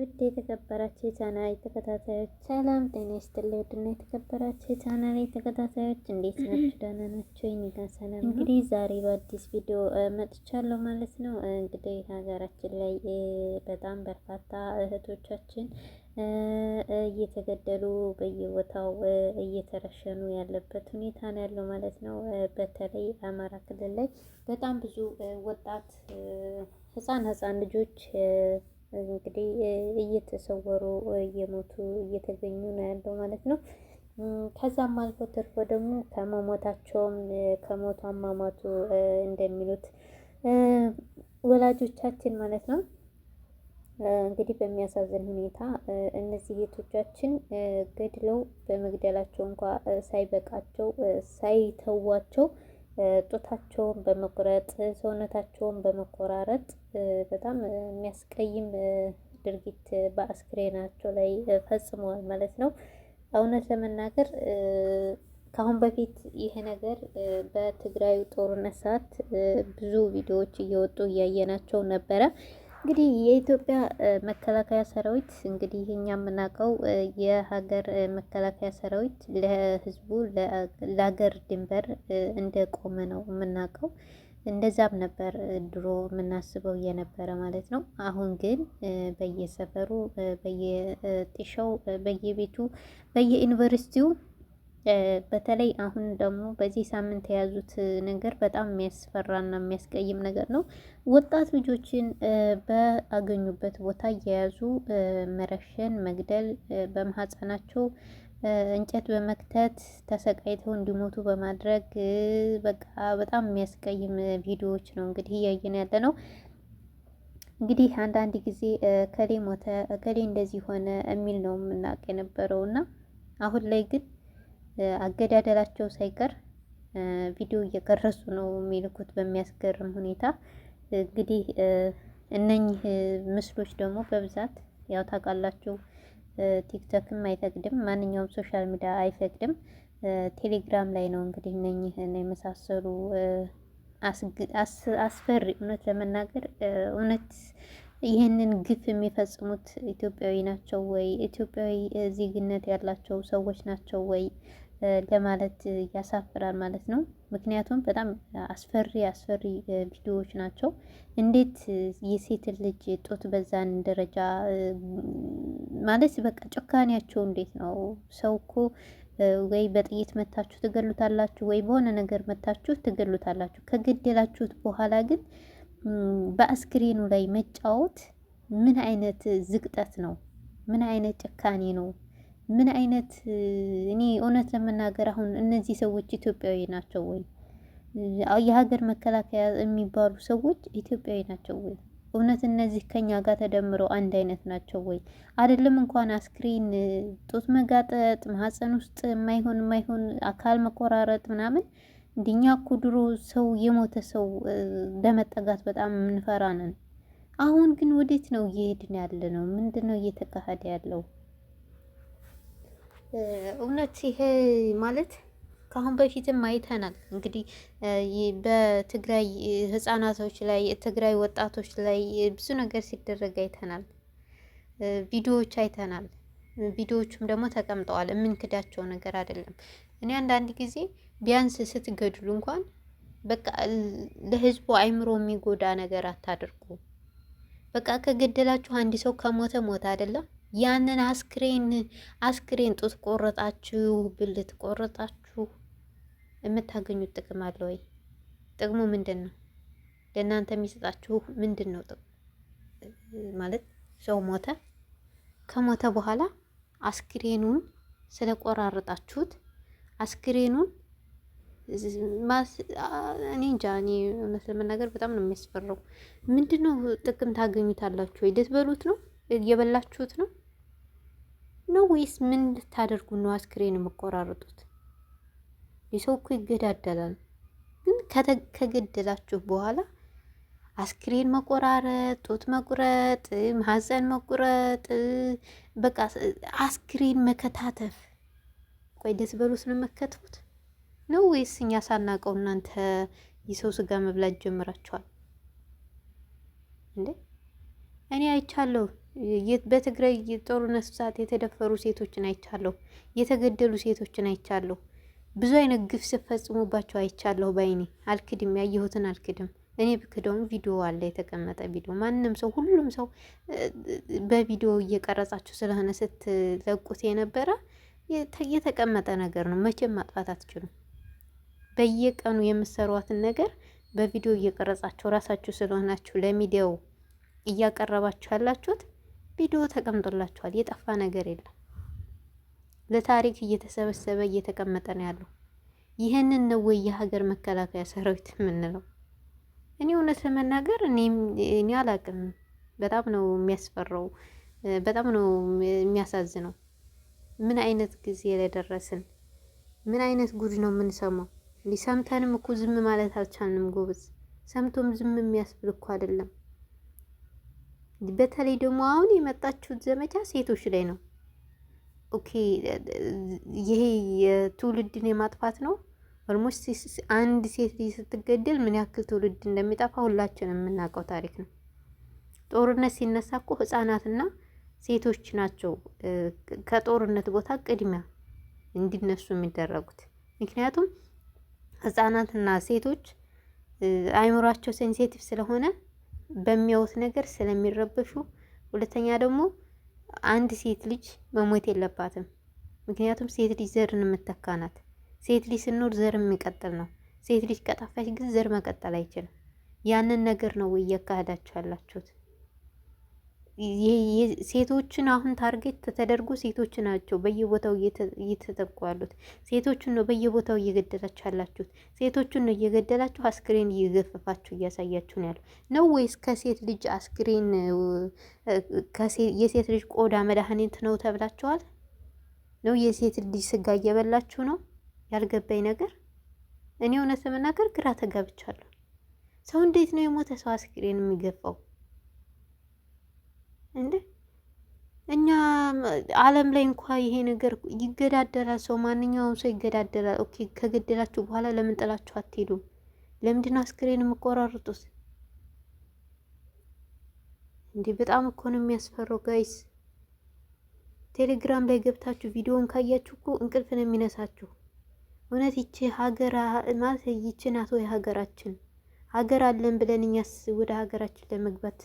ውድ የተከበራችሁ የቻናሌ ተከታታዮች ሰላም ጤና ይስጥልኝ። ውድና የተከበራችሁ የቻናሌ ተከታታዮች እንዴት ናችሁ? ደህና ናችሁ? እኔ ጋር ሰላም። እንግዲህ ዛሬ በአዲስ ቪዲዮ መጥቻለሁ ማለት ነው። እንግዲህ ሀገራችን ላይ በጣም በርካታ እህቶቻችን እየተገደሉ በየቦታው እየተረሸኑ ያለበት ሁኔታ ነው ያለው ማለት ነው። በተለይ አማራ ክልል ላይ በጣም ብዙ ወጣት ህጻን ህጻን ልጆች እንግዲህ እየተሰወሩ እየሞቱ እየተገኙ ነው ያለው ማለት ነው። ከዛም አልፎ ተርፎ ደግሞ ከመሞታቸውም ከሞቱ አሟሟቱ እንደሚሉት ወላጆቻችን ማለት ነው እንግዲህ በሚያሳዝን ሁኔታ እነዚህ ቤቶቻችን ገድለው በመግደላቸው እንኳ ሳይበቃቸው ሳይተዋቸው ጡታቸውን በመቁረጥ ሰውነታቸውን በመቆራረጥ በጣም የሚያስቀይም ድርጊት በአስክሬናቸው ላይ ፈጽመዋል ማለት ነው። እውነት ለመናገር ከአሁን በፊት ይሄ ነገር በትግራዩ ጦርነት ሰዓት ብዙ ቪዲዮዎች እየወጡ እያየናቸው ነበረ። እንግዲህ የኢትዮጵያ መከላከያ ሰራዊት እንግዲህ እኛ የምናውቀው የሀገር መከላከያ ሰራዊት ለህዝቡ ለሀገር ድንበር እንደቆመ ነው የምናውቀው። እንደዛም ነበር ድሮ የምናስበው የነበረ ማለት ነው። አሁን ግን በየሰፈሩ፣ በየጤሻው፣ በየቤቱ፣ በየዩኒቨርሲቲው በተለይ አሁን ደግሞ በዚህ ሳምንት የያዙት ነገር በጣም የሚያስፈራና የሚያስቀይም ነገር ነው። ወጣት ልጆችን በአገኙበት ቦታ እየያዙ መረሸን፣ መግደል፣ በማህፀናቸው እንጨት በመክተት ተሰቃይተው እንዲሞቱ በማድረግ በቃ በጣም የሚያስቀይም ቪዲዮዎች ነው እንግዲህ እያየን ያለ ነው። እንግዲህ አንዳንድ ጊዜ እከሌ ሞተ፣ እከሌ እንደዚህ ሆነ የሚል ነው የምናውቅ የነበረው እና አሁን ላይ ግን አገዳደላቸው ሳይቀር ቪዲዮ እየቀረጹ ነው የሚልኩት በሚያስገርም ሁኔታ። እንግዲህ እነኚህ ምስሎች ደግሞ በብዛት ያው ታውቃላችሁ፣ ቲክቶክም አይፈቅድም፣ ማንኛውም ሶሻል ሚዲያ አይፈቅድም። ቴሌግራም ላይ ነው እንግዲህ እነኚህን የመሳሰሉ አስፈሪ እውነት ለመናገር እውነት ይህንን ግፍ የሚፈጽሙት ኢትዮጵያዊ ናቸው ወይ? ኢትዮጵያዊ ዜግነት ያላቸው ሰዎች ናቸው ወይ? ለማለት ያሳፍራል ማለት ነው። ምክንያቱም በጣም አስፈሪ አስፈሪ ቪዲዮዎች ናቸው። እንዴት የሴት ልጅ ጡት በዛን ደረጃ ማለት በቃ ጭካኔያቸው እንዴት ነው? ሰው እኮ ወይ በጥይት መታችሁ ትገሉታላችሁ፣ ወይ በሆነ ነገር መታችሁ ትገሉታላችሁ። ከገደላችሁት በኋላ ግን በአስክሬኑ ላይ መጫወት ምን አይነት ዝግጠት ነው? ምን አይነት ጭካኔ ነው? ምን አይነት እኔ እውነት ለመናገር አሁን እነዚህ ሰዎች ኢትዮጵያዊ ናቸው ወይ? የሀገር መከላከያ የሚባሉ ሰዎች ኢትዮጵያዊ ናቸው ወይ? እውነት እነዚህ ከኛ ጋር ተደምረው አንድ አይነት ናቸው ወይ? አይደለም እንኳን አስክሬን ጡት መጋጠጥ፣ ማህፀን ውስጥ የማይሆን የማይሆን አካል መቆራረጥ ምናምን እንደኛ እኮ ድሮ ሰው የሞተ ሰው ለመጠጋት በጣም የምንፈራ ነን። አሁን ግን ወዴት ነው እየሄድን ያለ ነው? ምንድን ነው እየተካሄደ ያለው? እውነት ይሄ ማለት ከአሁን በፊትም አይተናል። እንግዲህ በትግራይ ህጻናቶች ላይ ትግራይ ወጣቶች ላይ ብዙ ነገር ሲደረግ አይተናል። ቪዲዮዎች አይተናል። ቪዲዮዎቹም ደግሞ ተቀምጠዋል። የምንክዳቸው ነገር አይደለም። እኔ አንዳንድ ጊዜ ቢያንስ ስትገድሉ እንኳን በቃ ለህዝቡ አይምሮ የሚጎዳ ነገር አታድርጉ። በቃ ከገደላችሁ አንድ ሰው ከሞተ ሞተ አይደለም። ያንን አስክሬን አስክሬን ጡት ቆረጣችሁ፣ ብልት ቆረጣችሁ የምታገኙት ጥቅም አለ ወይ? ጥቅሙ ምንድን ነው? ለእናንተ የሚሰጣችሁ ምንድን ነው ጥቅሙ? ማለት ሰው ሞተ፣ ከሞተ በኋላ አስክሬኑን ስለቆራረጣችሁት አስክሬኑን እኔ እንጃ እኔ እውነት ለመናገር በጣም ነው የሚያስፈራው። ምንድን ነው ጥቅም ታገኙታላችሁ ወይ? ልትበሉት ነው? እየበላችሁት ነው ነው ወይስ ምን ልታደርጉ ነው? አስክሬን የምቆራረጡት የሰው እኮ ይገዳደላል። ግን ከገደላችሁ በኋላ አስክሬን መቆራረጥ፣ ጡት መቁረጥ፣ ማህፀን መቁረጥ፣ በቃ አስክሬን መከታተፍ ቆይ ደስ በሎት ነው የምትከትፉት ነው ወይስ እኛ ሳናቀው እናንተ የሰው ስጋ መብላት ጀምራችኋል እንዴ? እኔ አይቻለሁ። በትግራይ ጦርነት ሰዓት የተደፈሩ ሴቶችን አይቻለሁ። የተገደሉ ሴቶችን አይቻለሁ። ብዙ አይነት ግፍ ሲፈጽሙባቸው አይቻለሁ። ባይኔ አልክድም፣ ያየሁትን አልክድም። እኔ ብክደውም ቪዲዮ አለ የተቀመጠ ቪዲዮ። ማንም ሰው ሁሉም ሰው በቪዲዮ እየቀረጻችሁ ስለሆነ ስትለቁት የነበረ የተቀመጠ ነገር ነው። መቼም ማጥፋት አትችሉም። በየቀኑ የምትሰሯትን ነገር በቪዲዮ እየቀረጻችሁ ራሳችሁ ስለሆናችሁ ለሚዲያው እያቀረባችሁ ያላችሁት ቪዲዮ ተቀምጦላችኋል። የጠፋ ነገር የለም። ለታሪክ እየተሰበሰበ እየተቀመጠ ነው ያለው። ይህንን ነው ወይ የሀገር መከላከያ ሰራዊት የምንለው? እኔ እውነት ለመናገር እኔ አላቅም። በጣም ነው የሚያስፈራው። በጣም ነው የሚያሳዝነው። ምን አይነት ጊዜ ላይ ደረስን? ምን አይነት ጉድ ነው የምንሰማው? ሊሰምተንም እኮ ዝም ማለት አልቻልንም ጎበዝ። ሰምቶም ዝም የሚያስብል እኮ አይደለም። በተለይ ደግሞ አሁን የመጣችሁት ዘመቻ ሴቶች ላይ ነው። ኦኬ ይሄ የትውልድን የማጥፋት ነው። ኦልሞስት አንድ ሴት ልጅ ስትገደል ምን ያክል ትውልድ እንደሚጠፋ ሁላችንም የምናውቀው ታሪክ ነው። ጦርነት ሲነሳ እኮ ህጻናትና ሴቶች ናቸው ከጦርነት ቦታ ቅድሚያ እንዲነሱ የሚደረጉት። ምክንያቱም ህጻናትና ሴቶች አይምሯቸው ሴንሴቲቭ ስለሆነ በሚያዩት ነገር ስለሚረበሹ፣ ሁለተኛ ደግሞ አንድ ሴት ልጅ መሞት የለባትም። ምክንያቱም ሴት ልጅ ዘርን የምተካ ናት። ሴት ልጅ ስኖር ዘር የሚቀጥል ነው። ሴት ልጅ ከጠፋች ግን ዘር መቀጠል አይችልም። ያንን ነገር ነው እያካሄዳችሁ ያላችሁት። ሴቶችን አሁን ታርጌት ተደርጎ ሴቶች ናቸው በየቦታው እየተጠቁ ያሉት። ሴቶችን ነው በየቦታው እየገደላችሁ ያላችሁት። ሴቶችን ነው እየገደላችሁ አስክሬን እየገፈፋችሁ እያሳያችሁ ነው ያሉ ነው ወይስ ከሴት ልጅ አስክሬን የሴት ልጅ ቆዳ መድኃኒት ነው ተብላችኋል? ነው የሴት ልጅ ስጋ እየበላችሁ ነው? ያልገባኝ ነገር እኔ እውነት ለመናገር ግራ ተጋብቻለሁ። ሰው እንዴት ነው የሞተ ሰው አስክሬን የሚገፋው? እንዴ እኛ ዓለም ላይ እንኳ ይሄ ነገር ይገዳደራል። ሰው ማንኛውም ሰው ይገዳደራል። ኦኬ ከገደላችሁ በኋላ ለምን ጥላችሁ አትሄዱም? ለምንድን ነው አስክሬን የምቆራርጡት? እንዲህ በጣም እኮ ነው የሚያስፈራው ጋይስ። ቴሌግራም ላይ ገብታችሁ ቪዲዮን ካያችሁ እኮ እንቅልፍ ነው የሚነሳችሁ። እውነት ይቺ ሀገር ማለት ይቺ ናት ወይ ሀገራችን? ሀገር አለን ብለን እኛስ ወደ ሀገራችን ለመግባት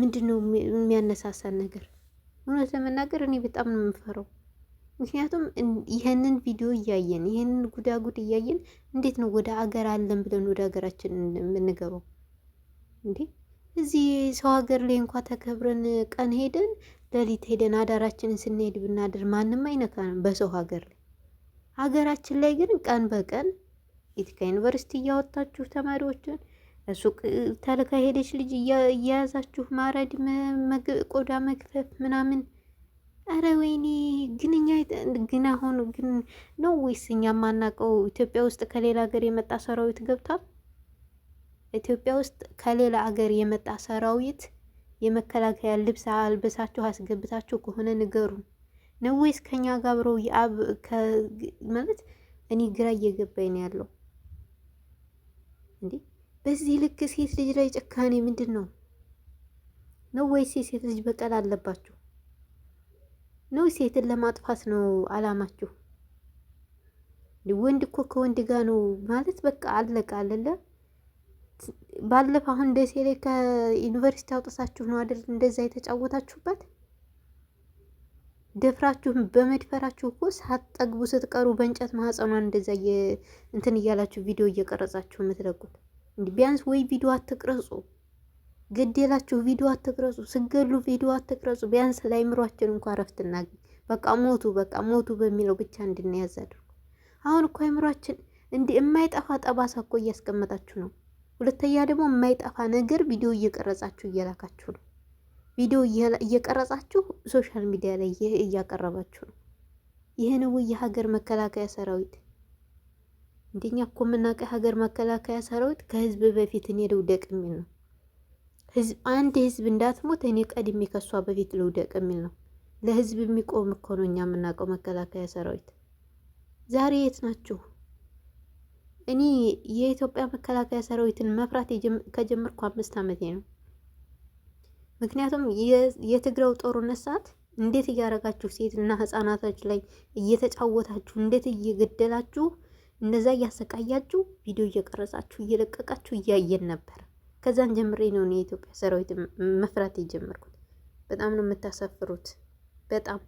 ምንድን ነው የሚያነሳሳን ነገር? እውነት ለመናገር እኔ በጣም ነው የምፈራው። ምክንያቱም ይህንን ቪዲዮ እያየን ይህንን ጉዳጉድ እያየን እንዴት ነው ወደ አገር አለን ብለን ወደ ሀገራችን የምንገባው እንዴ? እዚህ ሰው ሀገር ላይ እንኳ ተከብረን ቀን ሄደን ሌሊት ሄደን አዳራችንን ስንሄድ ብናድር ማንም አይነካንም በሰው ሀገር ላይ። ሀገራችን ላይ ግን ቀን በቀን ኢቲካ ዩኒቨርሲቲ እያወጣችሁ ተማሪዎችን ሱቅ ተልካ ሄደች ልጅ እያያዛችሁ ማረድ፣ ቆዳ መክፈፍ ምናምን። አረ ወይኔ! ግን እኛ ግን አሁን ግን ነው ወይስ እኛ የማናውቀው? ኢትዮጵያ ውስጥ ከሌላ ሀገር የመጣ ሰራዊት ገብቷል። ኢትዮጵያ ውስጥ ከሌላ ሀገር የመጣ ሰራዊት የመከላከያ ልብስ አልብሳችሁ አስገብታችሁ ከሆነ ንገሩን ነው ወይስ ከኛ ጋር አብረው የአብ ማለት እኔ ግራ እየገባኝ ነው ያለው እንዴ በዚህ ልክ ሴት ልጅ ላይ ጭካኔ ምንድን ነው ነው? ወይስ ሴት ልጅ በቀል አለባችሁ ነው? ሴትን ለማጥፋት ነው አላማችሁ? ወንድ እኮ ከወንድ ጋር ነው ማለት በቃ አለቀ አለለ። ባለፈው አሁን ደሴ ላይ ከዩኒቨርሲቲ አውጥታችሁ ነው አይደል እንደዛ የተጫወታችሁበት? ደፍራችሁ በመድፈራችሁ እኮ ሳትጠግቡ ስትቀሩ በእንጨት ማህፀኗን እንደዛ እንትን እያላችሁ ቪዲዮ እየቀረጻችሁ የምትለቁት ቢያንስ ወይ ቪዲዮ አትቅረጹ፣ ግዴላችሁ ቪዲዮ አትቅረጹ፣ ስገሉ ቪዲዮ አትቅረጹ። ቢያንስ ለአእምሯችን እንኳ ረፍት እናገኝ። በቃ ሞቱ በቃ ሞቱ በሚለው ብቻ እንድንያዝ አድርጉ። አሁን እኮ አይምሯችን እንዲህ የማይጠፋ ጠባሳ እኮ እያስቀመጣችሁ ነው። ሁለተኛ ደግሞ የማይጠፋ ነገር ቪዲዮ እየቀረጻችሁ እየላካችሁ ነው። ቪዲዮ እየቀረጻችሁ ሶሻል ሚዲያ ላይ እያቀረባችሁ ነው። ይህን የሀገር መከላከያ ሰራዊት እንደኛ እኮ የምናውቀ ሀገር መከላከያ ሰራዊት ከህዝብ በፊት እኔ ልውደቅ የሚል ነው። ህዝብ አንድ ህዝብ እንዳትሞት እኔ ቀድሜ ከሷ በፊት ልውደቅ የሚል ነው። ለህዝብ የሚቆም እኮ ነው እኛ የምናውቀው መከላከያ ሰራዊት። ዛሬ የት ናችሁ? እኔ የኢትዮጵያ መከላከያ ሰራዊትን መፍራት ከጀመርኩ አምስት ዓመቴ ነው። ምክንያቱም የትግራው ጦርነት ሰዓት እንዴት እያደረጋችሁ ሴትና ህጻናቶች ላይ እየተጫወታችሁ እንዴት እየገደላችሁ እንደዛ እያሰቃያችሁ ቪዲዮ እየቀረጻችሁ እየለቀቃችሁ እያየን ነበር። ከዛን ጀምሬ ነው የኢትዮጵያ ሰራዊት መፍራት የጀመርኩት። በጣም ነው የምታሳፍሩት፣ በጣም